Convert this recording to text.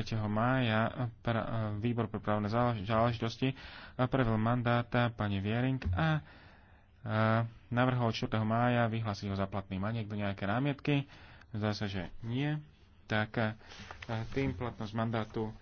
3. mája pra, eh, výbor pre právne záležitosti eh, prevel mandáta eh, pani Viering a, a navrhol 4. mája vyhlásiť ho za platný. Má niekto nejaké námietky? Zdá sa, že nie. Tak tým platnosť mandátu